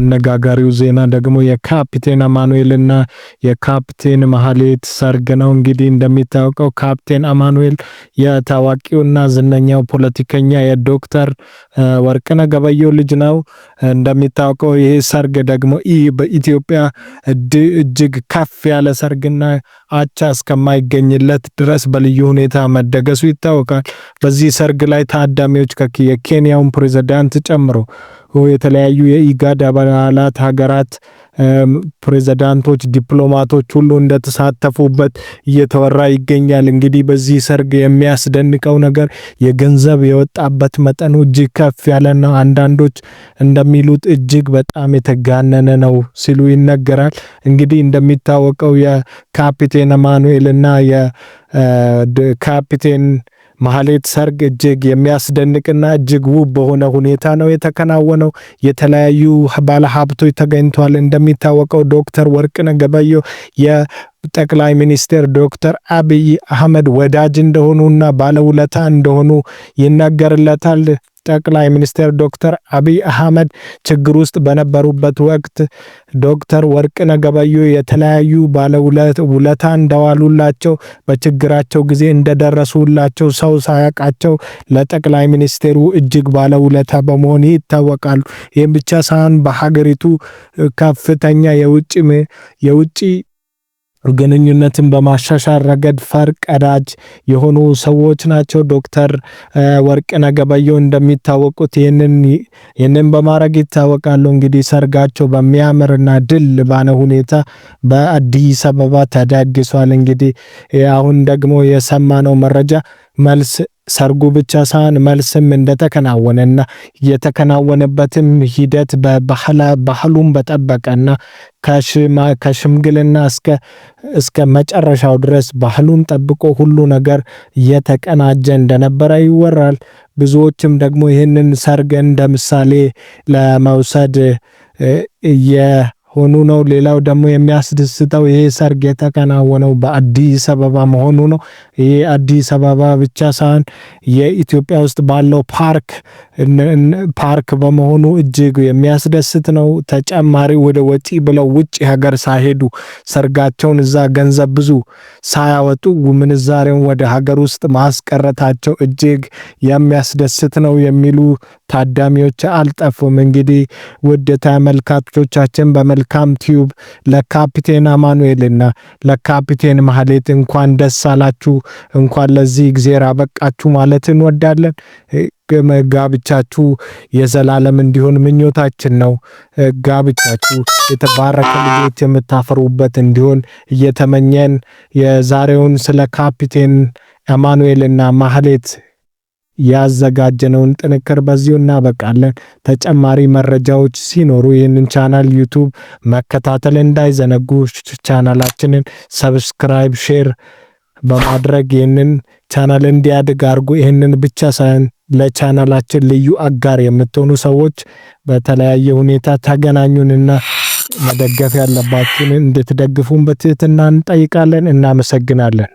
አነጋጋሪው ዜና ደግሞ የካፕቴን አማኑኤልና የካፕቴን ማህሌት ሰርግ ነው። እንግዲህ እንደሚታወቀው ካፕቴን አማኑኤል የታዋቂውና ዝነኛው ፖለቲከኛ የዶክተር ወርቅነ ገበየው ልጅ ነው። እንደሚታወቀው ይህ ሰርግ ደግሞ ይህ በኢትዮጵያ እጅግ ከፍ ያለ ሰርግና አቻ እስከማይገኝለት ድረስ በልዩ ሁኔታ መደገሱ ይታወቃል። በዚህ ሰርግ ላይ ታዳሚዎች የኬንያውን ፕሬዚዳንት ጨምሮ የተለያዩ የኢጋድ አባላት ሀገራት ፕሬዚዳንቶች፣ ዲፕሎማቶች ሁሉ እንደተሳተፉበት እየተወራ ይገኛል። እንግዲህ በዚህ ሰርግ የሚያስደንቀው ነገር የገንዘብ የወጣበት መጠኑ እጅግ ከፍ ያለ ነው። አንዳንዶች እንደሚሉት እጅግ በጣም የተጋነነ ነው ሲሉ ይነገራል። እንግዲህ እንደሚታወቀው የካፒቴን አማኑኤል እና የካፒቴን ማህሌት ሰርግ እጅግ የሚያስደንቅና እጅግ ውብ በሆነ ሁኔታ ነው የተከናወነው። የተለያዩ ባለሀብቶች ተገኝተዋል። እንደሚታወቀው ዶክተር ወርቅነህ ገበየሁ ጠቅላይ ሚኒስትር ዶክተር አብይ አህመድ ወዳጅ እንደሆኑና ባለውለታ እንደሆኑ ይነገርለታል። ጠቅላይ ሚኒስትር ዶክተር አብይ አህመድ ችግር ውስጥ በነበሩበት ወቅት ዶክተር ወርቅነህ ገበየሁ የተለያዩ ባለውለታ እንደዋሉላቸው በችግራቸው ጊዜ እንደደረሱላቸው ሰው ሳያውቃቸው ለጠቅላይ ሚኒስትሩ እጅግ ባለውለታ በመሆን ይታወቃሉ። ይህም ብቻ ሳይሆን በሀገሪቱ ከፍተኛ የውጭ ግንኙነትን በማሻሻል ረገድ ፈር ቀዳጅ የሆኑ ሰዎች ናቸው። ዶክተር ወርቅነህ ገበየሁ እንደሚታወቁት ይህንን በማድረግ ይታወቃሉ። እንግዲህ ሰርጋቸው በሚያምርና ድል ባለ ሁኔታ በአዲስ አበባ ተዳግሷል። እንግዲህ አሁን ደግሞ የሰማነው መረጃ መልስ ሰርጉ ብቻ ሳን መልስም እንደተከናወነና የተከናወነበትም ሂደት ባህሉን በጠበቀና ከሽምግልና እስከ መጨረሻው ድረስ ባህሉን ጠብቆ ሁሉ ነገር የተቀናጀ እንደነበረ ይወራል። ብዙዎችም ደግሞ ይህንን ሰርግ እንደ ምሳሌ ለመውሰድ ሆኑ ነው። ሌላው ደግሞ የሚያስደስተው ይሄ ሰርግ የተከናወነው በአዲስ አበባ መሆኑ ነው። ይሄ አዲስ አበባ ብቻ ሳይሆን የኢትዮጵያ ውስጥ ባለው ፓርክ ፓርክ በመሆኑ እጅግ የሚያስደስት ነው። ተጨማሪ ወደ ወጪ ብለው ውጭ ሀገር ሳይሄዱ ሰርጋቸውን እዛ ገንዘብ ብዙ ሳያወጡ ምንዛሬውን ወደ ሀገር ውስጥ ማስቀረታቸው እጅግ የሚያስደስት ነው የሚሉ ታዳሚዎች አልጠፉም። እንግዲህ ውድ ተመልካቾቻችን በመ ለመልካም ቲዩብ፣ ለካፒቴን አማኑኤልና ለካፒቴን ማህሌት እንኳን ደስ አላችሁ፣ እንኳን ለዚህ እግዜር አበቃችሁ ማለት እንወዳለን። ጋብቻችሁ የዘላለም እንዲሆን ምኞታችን ነው። ጋብቻችሁ የተባረከ ልጆች የምታፈሩበት እንዲሆን እየተመኘን የዛሬውን ስለ ካፒቴን አማኑኤልና ማህሌት ያዘጋጀነውን ጥንክር በዚሁ እናበቃለን። ተጨማሪ መረጃዎች ሲኖሩ ይህንን ቻናል ዩቱብ መከታተል እንዳይዘነጉ፣ ቻናላችንን ሰብስክራይብ፣ ሼር በማድረግ ይህንን ቻናል እንዲያድግ አድርጉ። ይህንን ብቻ ሳይሆን ለቻናላችን ልዩ አጋር የምትሆኑ ሰዎች በተለያየ ሁኔታ ተገናኙንና መደገፍ ያለባችሁን እንድትደግፉን በትህትና እንጠይቃለን። እናመሰግናለን።